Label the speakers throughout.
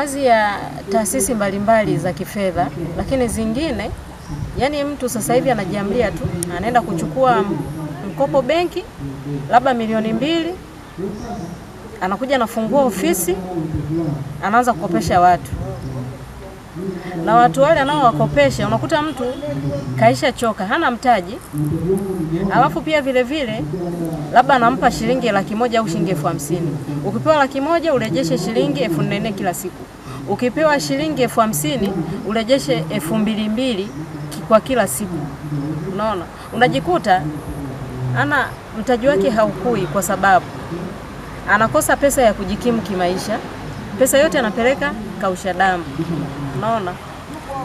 Speaker 1: baadhi ya taasisi mbalimbali za kifedha, lakini zingine yani mtu sasa hivi anajiamlia tu, anaenda kuchukua mkopo benki labda milioni mbili, anakuja anafungua ofisi, anaanza kukopesha watu na watu wale anaowakopesha unakuta mtu kaisha choka, hana mtaji, alafu pia vile vile labda anampa shilingi laki moja au shilingi elfu hamsini. Ukipewa laki moja urejeshe shilingi elfu nne kila siku. Ukipewa shilingi elfu hamsini urejeshe elfu mbili mbili kwa kila siku. Unaona, unajikuta ana mtaji wake haukui, kwa sababu anakosa pesa ya kujikimu kimaisha. Pesa yote anapeleka kausha damu, unaona,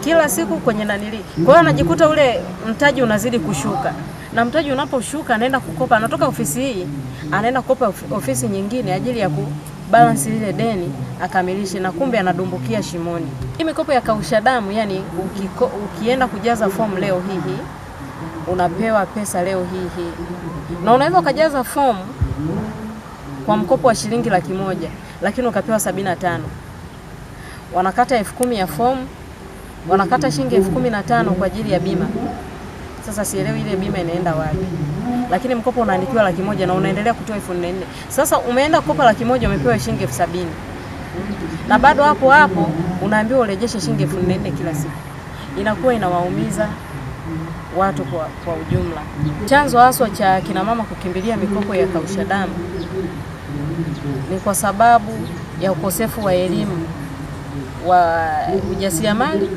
Speaker 1: kila siku kwenye nanili. Kwa hiyo anajikuta ule mtaji unazidi kushuka, na mtaji unaposhuka anaenda kukopa, anatoka ofisi hii anaenda kukopa ofisi nyingine ajili ya ku balance lile deni akamilishe, na kumbe anadumbukia shimoni. Hii mikopo ya kausha damu, yani ukiko, ukienda kujaza fomu leo hii hii unapewa pesa leo hii hii, na unaweza ukajaza fomu kwa mkopo wa shilingi laki moja lakini ukapewa sabini na tano wanakata elfu kumi ya fomu, wanakata shilingi elfu kumi na tano kwa ajili ya bima. Sasa sielewi ile bima inaenda wapi? lakini mkopo unaandikiwa laki moja na unaendelea kutoa elfu nne nne. Sasa umeenda kukopa laki moja umepewa shilingi elfu sabini na bado hapo hapo unaambiwa urejeshe shilingi elfu nne nne kila siku, inakuwa inawaumiza watu kwa, kwa ujumla. Chanzo haswa cha kinamama kukimbilia mikopo ya kausha damu ni kwa sababu ya ukosefu wa elimu wa ujasiriamali,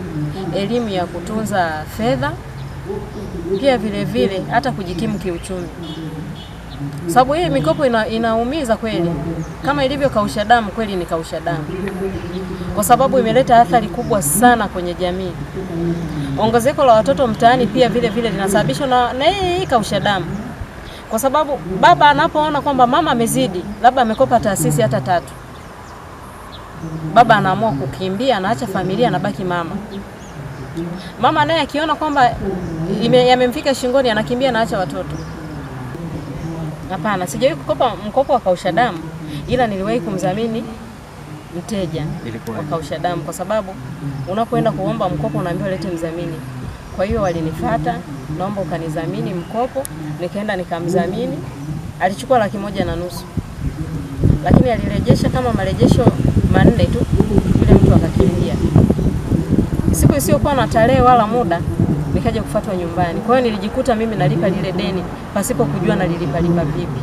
Speaker 1: elimu ya kutunza fedha pia vilevile vile, hata kujikimu kiuchumi, sababu hii mikopo ina, inaumiza kweli, kama ilivyo kausha damu, kweli ni kausha damu, kwa sababu imeleta athari kubwa sana kwenye jamii. Ongezeko la watoto mtaani pia vile vile linasababishwa na, na hii kausha damu, kwa sababu baba anapoona kwamba mama amezidi, labda amekopa taasisi hata tatu, baba anaamua kukimbia, anaacha familia, anabaki mama Mama naye akiona kwamba yamemfika shingoni, anakimbia naacha watoto. Hapana, sijawahi kukopa mkopo wa kausha damu, ila niliwahi kumdhamini mteja wa kausha damu, kwa sababu unapoenda kuomba mkopo unaambiwa lete mdhamini. Kwa hiyo walinifuata, naomba ukanidhamini mkopo, nikaenda nikamdhamini. Alichukua laki moja na nusu, lakini alirejesha kama marejesho manne tu, yule mtu akakimbia isiyokuwa na tarehe wala muda nikaja kufatwa nyumbani. Kwa hiyo nilijikuta mimi nalipa lile deni pasipo kujua nalilipalipa vipi,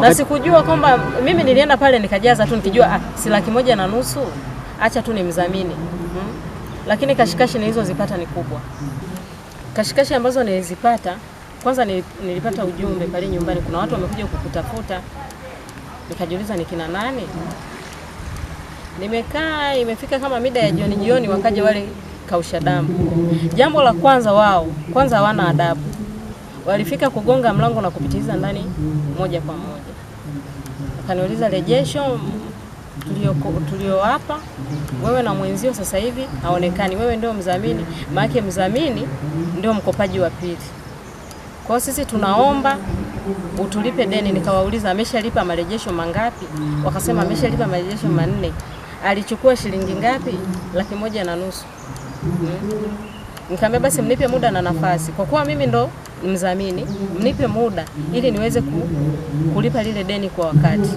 Speaker 1: na sikujua kwamba mimi nilienda pale nikajaza tu nikijua ah, si laki moja na nusu, acha tu nimdhamini hmm. Lakini kashikashi nilizozipata ni kubwa. Kashikashi ambazo nilizipata, kwanza nilipata ujumbe pale nyumbani, kuna watu wamekuja kukutafuta. Nikajiuliza ni kina nani? Nimekaa imefika kama mida ya jioni jioni, wakaja wale kausha damu. Jambo la kwanza, wao kwanza hawana adabu, walifika kugonga mlango na kupitiliza ndani moja kwa moja. Akaniuliza rejesho tulio hapa, wewe na mwenzio sasa hivi haonekani, wewe ndio mzamini, maana mzamini ndio mkopaji wa pili. Kwa hiyo sisi tunaomba utulipe deni. Nikawauliza ameshalipa marejesho mangapi? Wakasema ameshalipa marejesho manne alichukua shilingi ngapi? Laki moja na nusu. Hmm. Nikamwambia basi mnipe muda na nafasi, kwa kuwa mimi ndo mzamini, mnipe muda ili niweze kulipa lile deni kwa wakati,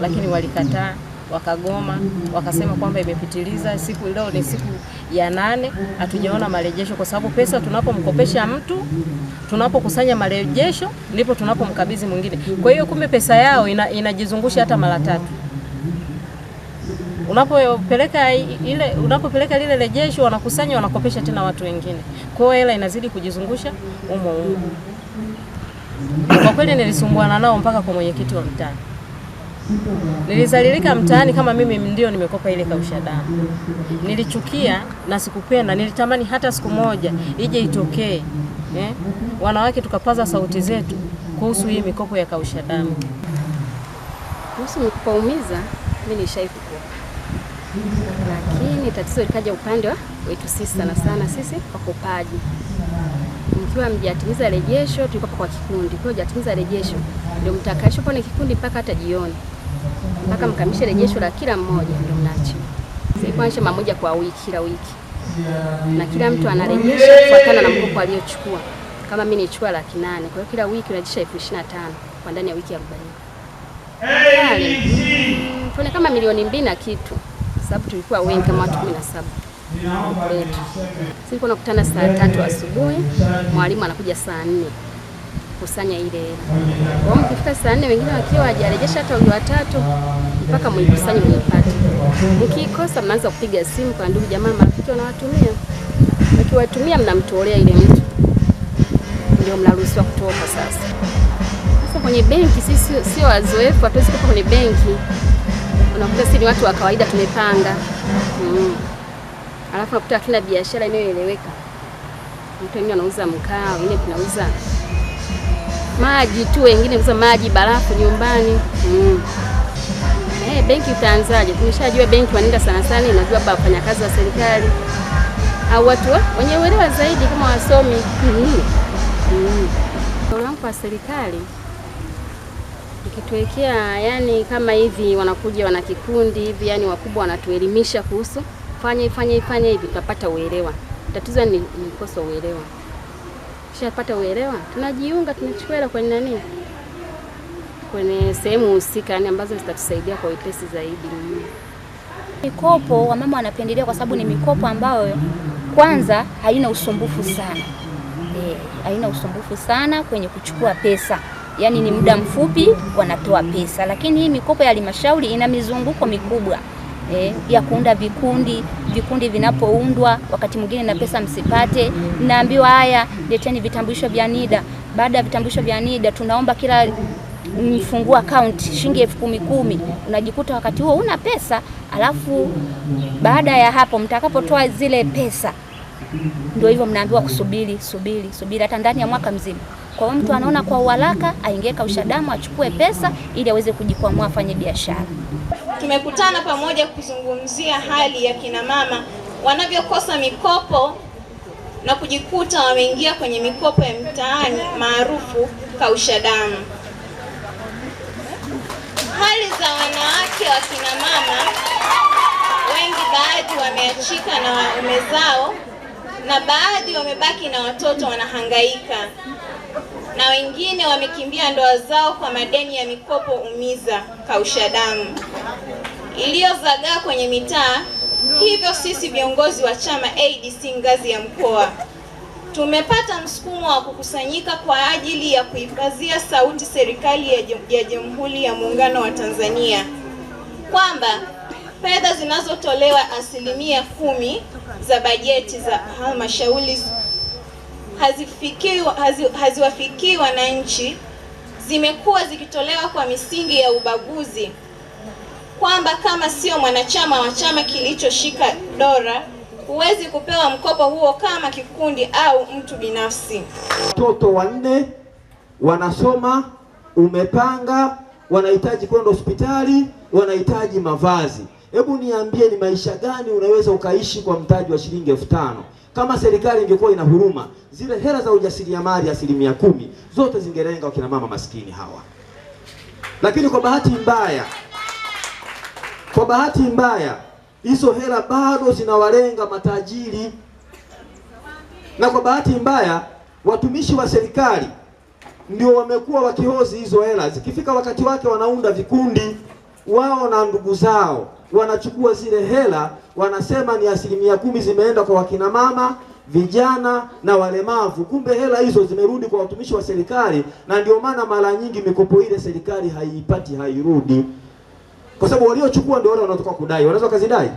Speaker 1: lakini walikataa wakagoma, wakasema kwamba imepitiliza siku. Leo ni siku ya nane, hatujaona marejesho, kwa sababu pesa tunapomkopesha mtu, tunapokusanya marejesho, ndipo tunapomkabidhi mwingine. Kwa hiyo kumbe pesa yao ina, inajizungusha hata mara tatu. Unapopeleka ile unapopeleka lile rejesho, wanakusanya wanakopesha tena watu wengine, kwa hiyo hela inazidi kujizungusha umo umo. Kwa kweli nilisumbuana nao mpaka kwa mwenyekiti wa mtaa nilizalilika mtaani kama mimi ndio nimekopa ile kausha damu. Nilichukia na sikupenda, nilitamani hata siku moja ije itokee eh, wanawake tukapaza sauti zetu kuhusu hii mikopo ya kausha damu.
Speaker 2: Kuhusu kuumiza, mimi nishaifukuwa lakini tatizo likaja upande wa wetu sisi, sana sana sisi kwa kopaji. Mkiwa mjatimiza rejesho, tulikuwa kwa kikundi, kwa mjatimiza rejesho ndio mtakaisho pone kikundi mpaka hata jioni, mpaka mkamishe rejesho la kila mmoja, ndio mnachi Ilikuwa ni kwa wiki, kila wiki, na kila mtu anarejesha kufuatana na mkopo aliyochukua. Kama mimi nilichukua laki nane, kwa hiyo kila wiki unarejesha elfu ishirini na tano kwa ndani ya wiki arobaini, yaani, mm, tuone kama milioni mbili na kitu sababu tulikuwa wengi kama watu 17. na saba wetu. Sisi nakutana saa tatu asubuhi, mwalimu anakuja saa nne kusanya ile hela. Mkifika saa nne, wengine wakiwa hajarejesha hata wili watatu, mpaka mwikusanye mwenyepati. Mkikosa mnaanza kupiga simu kwa ndugu, jamaa, marafiki wanawatumia, Mkiwatumia mnamtolea ile mtu, ndio mnaruhusiwa kutoka. Sasa sasa kwenye benki sisi sio wazoefu, hatuwezi kutoka kwenye benki unakuta sisi ni watu wa kawaida tumepanga mm. Alafu nakuta hatuna biashara inayoeleweka. Mtu wengine anauza mkaa, wengine tunauza maji tu, wengine uza maji barafu nyumbani mm. Eh, benki utaanzaje? Tumeshajua benki wanaenda sana sana, inajua baba wafanyakazi wa serikali au watu wenye uelewa zaidi kama wasomi mm mm. Kwa serikali Ukituwekea yani kama hivi, wanakuja wana kikundi hivi, yani wakubwa wanatuelimisha kuhusu fanya fanya fanya hivi, tutapata uelewa. Tatizo ni, ni uelewa. Kishapata uelewa, tunajiunga tunachukua hela kwenye nani, kwenye sehemu husika, yani ambazo zitatusaidia kwa wepesi zaidi. Mikopo wamama wanapendelea kwa sababu ni mikopo ambayo kwanza haina usumbufu sana e, haina usumbufu sana kwenye kuchukua pesa yani ni muda mfupi wanatoa pesa, lakini hii mikopo ya halmashauri ina mizunguko mikubwa eh, ya kuunda vikundi. Vikundi vinapoundwa wakati mwingine na pesa msipate, naambiwa haya, leteni vitambulisho vya NIDA. Baada ya vitambulisho vya NIDA tunaomba kila mfungua akaunti shilingi elfu kumi kumi. Unajikuta wakati huo una pesa, alafu baada ya hapo mtakapotoa zile pesa ndio hivyo mnaambiwa kusubiri subiri subiri, hata ndani ya mwaka mzima. Kwa hiyo mtu anaona kwa uharaka aingie kausha damu achukue
Speaker 3: pesa ili aweze kujikwamua afanye biashara. Tumekutana pamoja kuzungumzia hali ya kina mama wanavyokosa mikopo na kujikuta wameingia kwenye mikopo ya mtaani maarufu kausha damu. Hali za wanawake wa kina mama wengi, baadhi wameachika na waume zao na baadhi wamebaki na watoto wanahangaika na wengine wamekimbia ndoa zao kwa madeni ya mikopo umiza kausha damu iliyozagaa kwenye mitaa. Hivyo sisi viongozi wa chama ADC ngazi ya mkoa tumepata msukumo wa kukusanyika kwa ajili ya kuipazia sauti serikali ya Jamhuri ya Muungano wa Tanzania kwamba fedha zinazotolewa asilimia kumi za bajeti za halmashauri hazi, haziwafikii wananchi, zimekuwa zikitolewa kwa misingi ya ubaguzi, kwamba kama sio mwanachama wa chama kilichoshika dola huwezi kupewa mkopo huo kama kikundi au mtu binafsi.
Speaker 4: Watoto wanne wanasoma, umepanga, wanahitaji kwenda hospitali, wanahitaji mavazi. Hebu niambie, ni maisha gani unaweza ukaishi kwa mtaji wa shilingi elfu tano? Kama serikali ingekuwa ina huruma, zile hela za ujasiriamali asilimia kumi zote zingelenga wakina mama maskini hawa. Lakini kwa bahati mbaya, kwa bahati mbaya hizo hela bado zinawalenga matajiri, na kwa bahati mbaya watumishi wa serikali ndio wamekuwa wakihozi hizo hela. Zikifika wakati wake, wanaunda vikundi wao na ndugu zao wanachukua zile hela, wanasema ni asilimia kumi zimeenda kwa wakina mama, vijana na walemavu. Kumbe hela hizo zimerudi kwa watumishi wa serikali, na ndio maana mara nyingi mikopo ile serikali haiipati, hairudi, kwa sababu waliochukua ndio wale wanaotoka kudai. Wanaweza kazidai.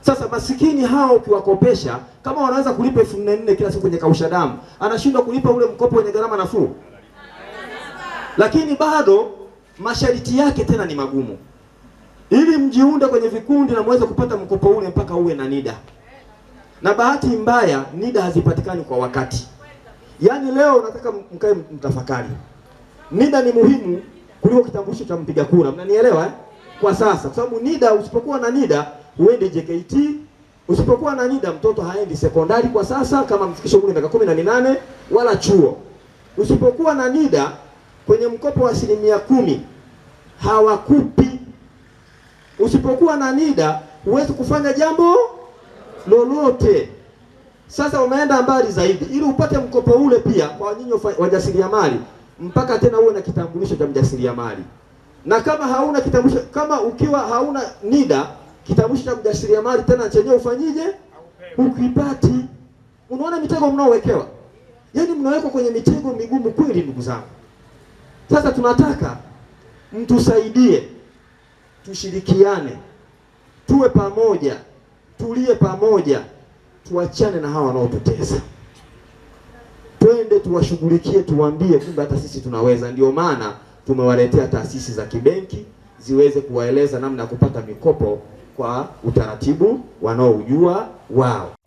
Speaker 4: sasa masikini hao ukiwakopesha, kama wanaweza kulipa elfu nne nne kila siku kwenye kausha damu, anashindwa kulipa ule mkopo wenye gharama nafuu, lakini bado masharti yake tena ni magumu ili mjiunde kwenye vikundi na muweze kupata mkopo ule mpaka uwe na NIDA. Na bahati mbaya NIDA hazipatikani kwa wakati. Yaani leo nataka mkae mtafakari. NIDA ni muhimu kuliko kitambulisho cha mpiga kura. Mnanielewa eh? Kwa sasa kwa sababu NIDA usipokuwa na NIDA huendi JKT, usipokuwa na NIDA mtoto haendi sekondari kwa sasa kama mfikisho umri miaka kumi na minane wala chuo. Usipokuwa na NIDA kwenye mkopo wa asilimia kumi hawakupi Usipokuwa na NIDA huwezi kufanya jambo lolote. Sasa umeenda mbali zaidi, ili upate mkopo ule pia kwa nyinyi wajasiriamali, mpaka tena uwe na kitambulisho cha mjasiriamali. Na kama hauna kitambulisho, kama ukiwa hauna NIDA, kitambulisho cha mjasiriamali tena chenyewe ufanyije? Ukipati. Unaona mitego mnaowekewa, yaani mnawekwa kwenye mitego migumu kweli, ndugu zangu. Sasa tunataka mtusaidie tushirikiane, tuwe pamoja, tulie pamoja, tuachane na hawa wanaotutesa, twende tuwashughulikie, tuwaambie kumbe hata sisi tunaweza. Ndio maana tumewaletea taasisi za kibenki ziweze kuwaeleza namna ya kupata mikopo kwa utaratibu wanaoujua wao.